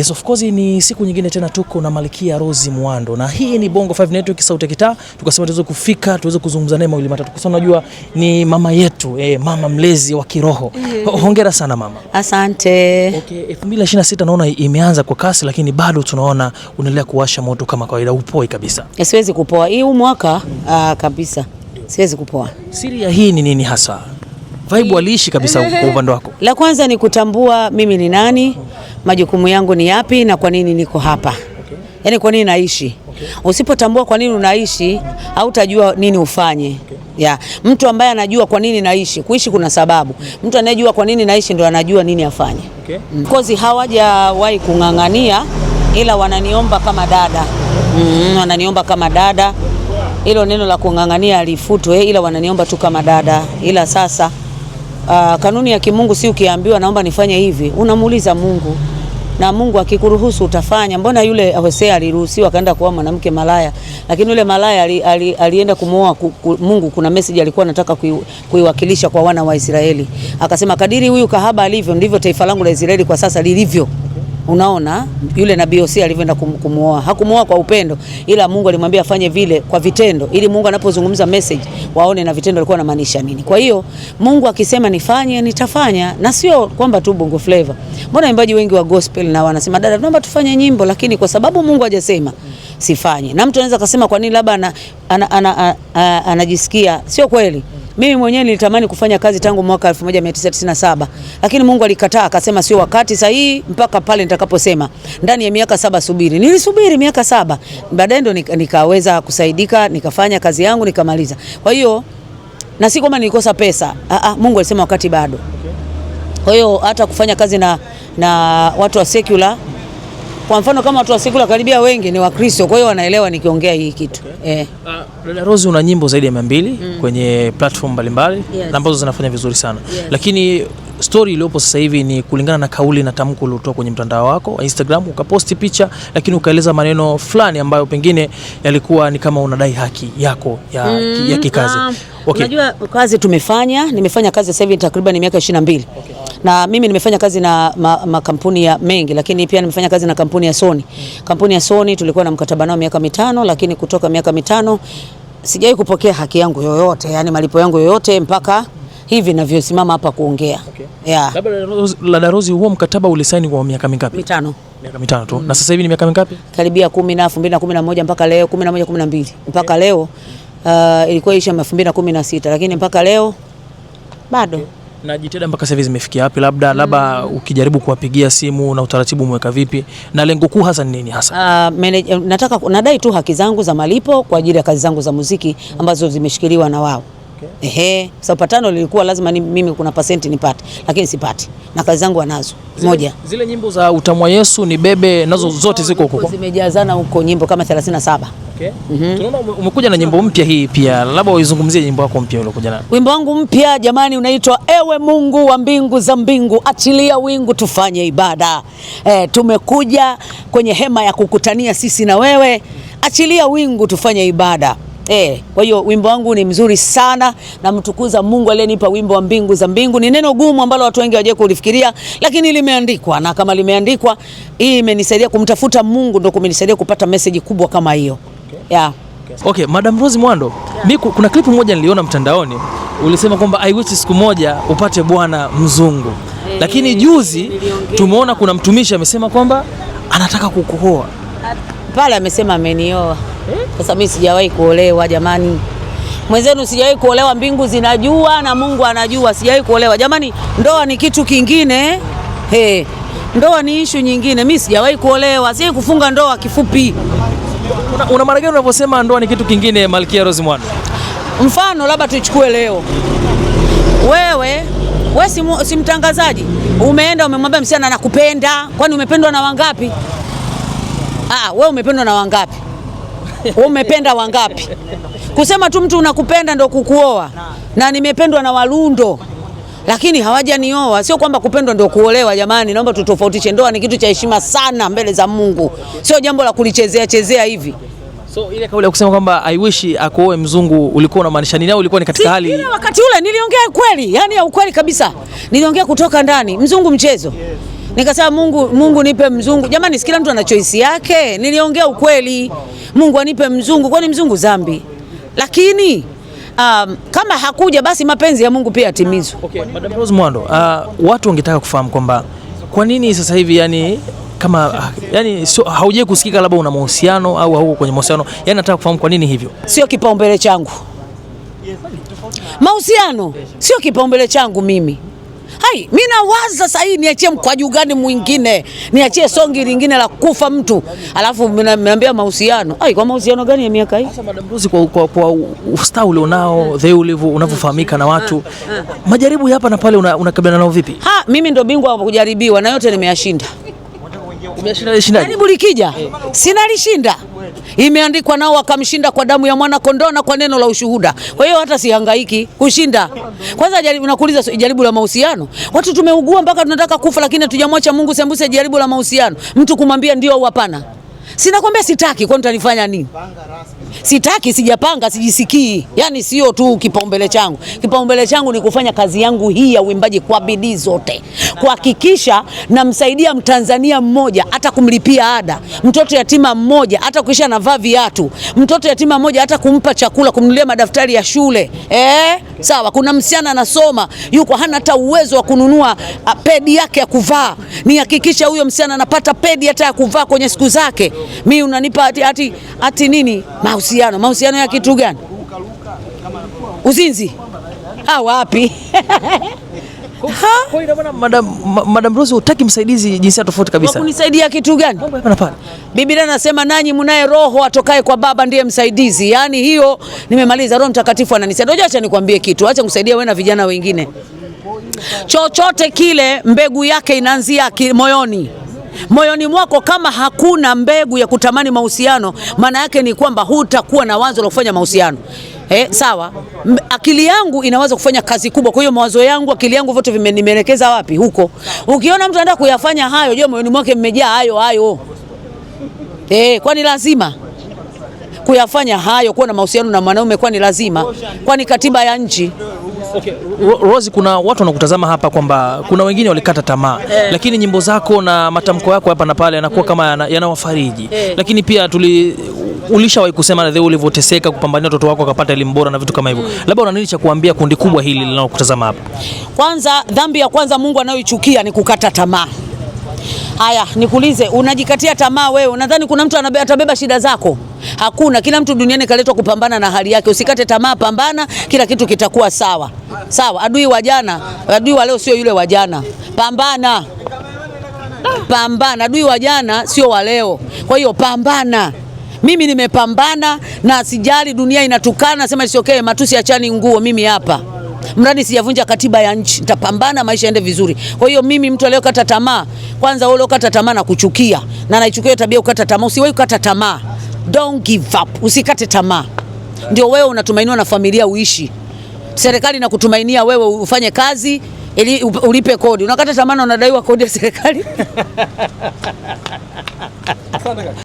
Yes, of course ni siku nyingine tena tuko na Malkia Rose Muhando na hii ni Bongo 5 Network sauti ya kitaa, tukasema tuweze kufika tuweze kuzungumza naye mawili matatu, kwa sababu ni mama yetu eh, mama mlezi wa kiroho mm-hmm. Hongera sana mama. Asante. Okay, 2026 naona imeanza kwa kasi, lakini bado tunaona unaendelea kuwasha moto kama kawaida, upoi kabisa. Eh, siwezi kupoa hii mwaka, mm. uh, kabisa siwezi kupoa. Siri ya hii ni nini hasa? vibe waliishi kabisa kwa upande wako? La kwanza ni kutambua mimi ni nani, majukumu yangu ni yapi na kwa nini niko hapa. Yaani kwa nini naishi? Usipotambua kwa nini unaishi, hautajua nini ufanye. Ya, mtu ambaye anajua kwa nini naishi, kuishi kuna sababu. Mtu anayejua kwa nini naishi ndo anajua nini afanye. Mm. Kozi hawajawahi kung'ang'ania ila wananiomba kama dada. Mm, wananiomba kama dada. Hilo neno la kung'ang'ania alifutwe, ila wananiomba tu kama dada. Ila sasa uh, kanuni ya kimungu si ukiambiwa naomba nifanye hivi, unamuuliza Mungu na Mungu akikuruhusu utafanya. Mbona yule Hosea aliruhusiwa akaenda kuoa mwanamke malaya, lakini yule malaya ali, ali, alienda kumuoa ku, ku, Mungu kuna message alikuwa anataka kuiwakilisha kui kwa wana wa Israeli, akasema kadiri huyu kahaba alivyo ndivyo taifa langu la Israeli kwa sasa lilivyo. Unaona yule nabii Hosea alivyoenda kumuoa, hakumuoa kwa upendo, ila Mungu alimwambia afanye vile kwa vitendo, ili Mungu anapozungumza message waone na vitendo alikuwa anamaanisha nini. Kwa hiyo Mungu akisema nifanye, nitafanya, na sio kwamba tu Bongo flavor. Mbona waimbaji wengi wa gospel na wanasema dada, tunaomba tufanye nyimbo, lakini kwa sababu Mungu hajasema sifanye, na mtu anaweza akasema kwa nini labda anajisikia sio kweli mimi mwenyewe nilitamani kufanya kazi tangu mwaka 1997 lakini Mungu alikataa, akasema sio wakati sahihi mpaka pale nitakaposema ndani ya miaka saba subiri. Nilisubiri miaka saba, baadaye ndo nikaweza kusaidika, nikafanya kazi yangu nikamaliza. Kwa hiyo na si kwamba nilikosa pesa. Aa, ah, ah, Mungu alisema wakati bado. Kwa hiyo hata kufanya kazi na, na watu wa secular kwa mfano kama watu wa Sekula karibia wengi ni Wakristo, kwa hiyo wanaelewa nikiongea hii kitu okay. Eh. Uh, Dada Rose una nyimbo zaidi ya 200 mm. kwenye platform mbalimbali yes. na ambazo zinafanya vizuri sana yes. lakini stori iliyopo sasa hivi ni kulingana na kauli na tamko uliotoa kwenye mtandao wako Instagram, ukaposti picha lakini ukaeleza maneno fulani ambayo pengine yalikuwa ni kama unadai haki yako ya, mm, ya kikazi. Unajua, okay. kazi tumefanya, nimefanya kazi sasa hivi takriban miaka 22. Okay na mimi nimefanya kazi na makampuni ma ya mengi, lakini pia nimefanya kazi na kampuni ya Sony. Kampuni ya Sony tulikuwa na mkataba nao miaka mitano, lakini kutoka miaka mitano sijai kupokea haki yangu yoyote, yani malipo yangu yoyote mpaka hivi navyosimama hapa kuongea. Okay. Yeah. Labda Ladarozi, huo mkataba ulisaini kwa miaka mingapi? Mitano. Miaka mitano tu. Mm. Na sasa hivi ni miaka mingapi? Karibia 10 2011 mpaka leo 11 12 mpaka okay. Leo uh, ilikuwa isha 2016 lakini mpaka leo bado okay. Na jitihada mpaka sasa hivi zimefikia wapi? Labda labda mm. ukijaribu kuwapigia simu na utaratibu umeweka vipi, na lengo kuu hasa ni nini hasa? Uh, nataka nadai tu haki zangu za malipo kwa ajili ya kazi zangu za muziki ambazo zimeshikiliwa na wao. Okay. Ehe, sababu patano lilikuwa lazima ni, mimi kuna pasenti nipate, lakini sipati na kazi zangu wanazo moja. Zile nyimbo za utamwa Yesu ni bebe nazo mm, zote ziko huko, zimejazana huko nyimbo kama 37. Okay. Mm -hmm. Tunaona umekuja na nyimbo mpya hii pia, labda uizungumzie nyimbo yako mpya uliokuja nayo. Wimbo wangu mpya jamani, unaitwa Ewe Mungu wa mbingu za mbingu, achilia wingu tufanye ibada. E, tumekuja kwenye hema ya kukutania sisi na wewe, achilia wingu tufanye ibada. Eh, kwa hiyo wimbo wangu ni mzuri sana, na mtukuza Mungu aliyenipa wimbo wa mbingu za mbingu. Ni neno gumu ambalo watu wengi hawajui kulifikiria, lakini limeandikwa, na kama limeandikwa, hii imenisaidia kumtafuta Mungu, ndio kumenisaidia kupata meseji kubwa kama hiyo. Yeah. Okay, Madam Rose Mwando, yeah. Mi kuna klipu moja niliona mtandaoni ulisema kwamba I wish siku moja upate bwana mzungu hey, eh, lakini juzi tumeona kuna mtumishi amesema kwamba anataka kukuoa ah, pale, amesema amenioa. Eh? Sasa mimi sijawahi kuolewa jamani, mwenzenu, sijawahi kuolewa. Mbingu zinajua na Mungu anajua, sijawahi kuolewa jamani. Ndoa ni kitu kingine hey. Ndoa ni ishu nyingine. Mimi sijawahi kuolewa, sijawahi kufunga ndoa, kifupi Una, una maana gani unavyosema ndoa ni kitu kingine, Malkia Rose Mwana? Mfano labda tuichukue leo, wewe we si, si mtangazaji, umeenda umemwambia msichana nakupenda. Kwani umependwa na wangapi? Ah, we umependwa na wangapi? we umependa wangapi? Kusema tu mtu unakupenda ndo kukuoa, na nimependwa na Walundo lakini hawajanioa. Sio kwamba kupendwa ndio kuolewa, jamani, naomba tutofautishe. Ndoa ni kitu cha heshima sana mbele za Mungu, sio jambo la kulichezea chezea hivi. So ile kauli ya kusema kwamba I wish akuoe mzungu ulikuwa unamaanisha nini au ulikuwa ni katika si, hali? Wakati ule niliongea kweli, yani ya ukweli kabisa. Niliongea kutoka ndani, mzungu mchezo. Nikasema Mungu, Mungu nipe mzungu. Jamani, sikila mtu ana choice yake. Niliongea ukweli. Mungu anipe mzungu, kwani mzungu zambi? Lakini um, kama hakuja basi mapenzi ya Mungu pia yatimizwe. Ah, okay, Madam Rose Mwando, uh, watu wangetaka kufahamu kwamba kwa nini sasa hivi yani kama ah, yani so, haujai kusikika labda una mahusiano au hauko kwenye mahusiano, yani nataka kufahamu kwa nini hivyo. Sio kipaumbele changu mahusiano, sio kipaumbele changu mimi. Hai, mimi nawaza sasa hii niachie mkwaju gani mwingine? Niachie songi lingine la kufa mtu. Alafu mnaambia mahusiano. Hai, kwa mahusiano gani ya miaka hii? Sasa Madam Rose kwa kwa, kwa ustaa ulionao, the ulivyo unavyofahamika na watu. Ah, ah, ah. Majaribu hapa na pale unakabiliana una nao vipi? Ha, mimi ndo bingwa wa kujaribiwa na yote nimeyashinda. Jaribu yaani likija eh. sina lishinda, imeandikwa nao wakamshinda kwa damu ya mwana kondoo na kwa neno la ushuhuda. Kwa hiyo hata sihangaiki kushinda. Kwanza jaribu, nakuuliza jaribu la mahusiano, watu tumeugua mpaka tunataka kufa, lakini hatujamwacha Mungu sembuse jaribu la mahusiano, mtu kumwambia ndio au hapana. Sinakwambia sitaki, kwani utanifanya nini? Sitaki, sijapanga, sijisikii. Yani sio tu kipaumbele changu. Kipaumbele changu ni kufanya kazi yangu hii ya uimbaji kwa bidii zote, kuhakikisha namsaidia Mtanzania mmoja hata kumlipia ada, mtoto yatima mmoja hata kuisha navaa viatu, mtoto yatima mmoja hata kumpa chakula, kumnunulia madaftari ya shule eh? Sawa, kuna msichana anasoma, yuko hana hata uwezo wa kununua ah, pedi yake ya kuvaa, nihakikisha huyo msichana anapata pedi hata ya kuvaa kwenye siku zake. Mi unanipa ati, ati, ati nini mouse mahusiano. Mahusiano ya kitu gani? Uzinzi ah, ha, wapi? madam Rose utaki msaidizi jinsia tofauti kabisa. Kunisaidia kitu gani? Biblia nasema nanyi mnaye roho atokaye kwa Baba ndiye msaidizi. Yaani hiyo nimemaliza, Roho Mtakatifu ananisaidia. Ngoja acha nikwambie kitu. Acha kusaidia wewe na vijana wengine. Chochote kile mbegu yake inaanzia moyoni moyoni mwako kama hakuna mbegu ya kutamani mahusiano, maana yake ni kwamba hutakuwa na wazo la kufanya mahusiano. Eh, sawa. Akili yangu inaweza kufanya kazi kubwa, kwa hiyo mawazo yangu, akili yangu vyote vimenielekeza wapi? Huko. Ukiona mtu anataka kuyafanya hayo, je, moyoni mwake mmejaa hayo hayo? Eh, kwani lazima kuyafanya hayo, kuwa na mahusiano na mwanaume? Kwani lazima? Kwani katiba ya nchi Okay, Rose, kuna watu wanakutazama hapa kwamba kuna wengine walikata tamaa eh, lakini nyimbo zako na matamko yako hapa na pale yanakuwa mm. kama yanawafariji yana eh, lakini pia tuli ulishawahi kusema na ulivyoteseka kupambania watoto wako akapata elimu bora na vitu kama hivyo mm. Labda una nini cha kuambia kundi kubwa hili linalokutazama hapa? Kwanza, dhambi ya kwanza Mungu anayoichukia ni kukata tamaa. Haya, nikuulize, unajikatia tamaa wewe, unadhani kuna mtu atabeba shida zako? Hakuna, kila mtu duniani kaletwa kupambana na hali yake. Usikate tamaa, pambana, kila kitu kitakuwa sawa sawa. Adui wa jana, adui wa leo sio yule wa jana. Pambana, pambana. Adui wa jana sio wa leo, kwa hiyo pambana. Mimi nimepambana na sijali dunia inatukana, sema isiokee, okay, matusi achani nguo, mimi hapa mradi sijavunja katiba ya nchi, nitapambana maisha yaende vizuri. Kwa hiyo mimi mtu aliyokata tamaa, kwanza wewe uliokata tamaa na kuchukia na naichukia tabia ukata tamaa, usiwahi kukata tamaa. Don't give up, usikate tamaa. Ndio wewe unatumainiwa na familia uishi, serikali inakutumainia wewe ufanye kazi ili ulipe kodi. Unakata tamaa, na unadaiwa kodi ya serikali.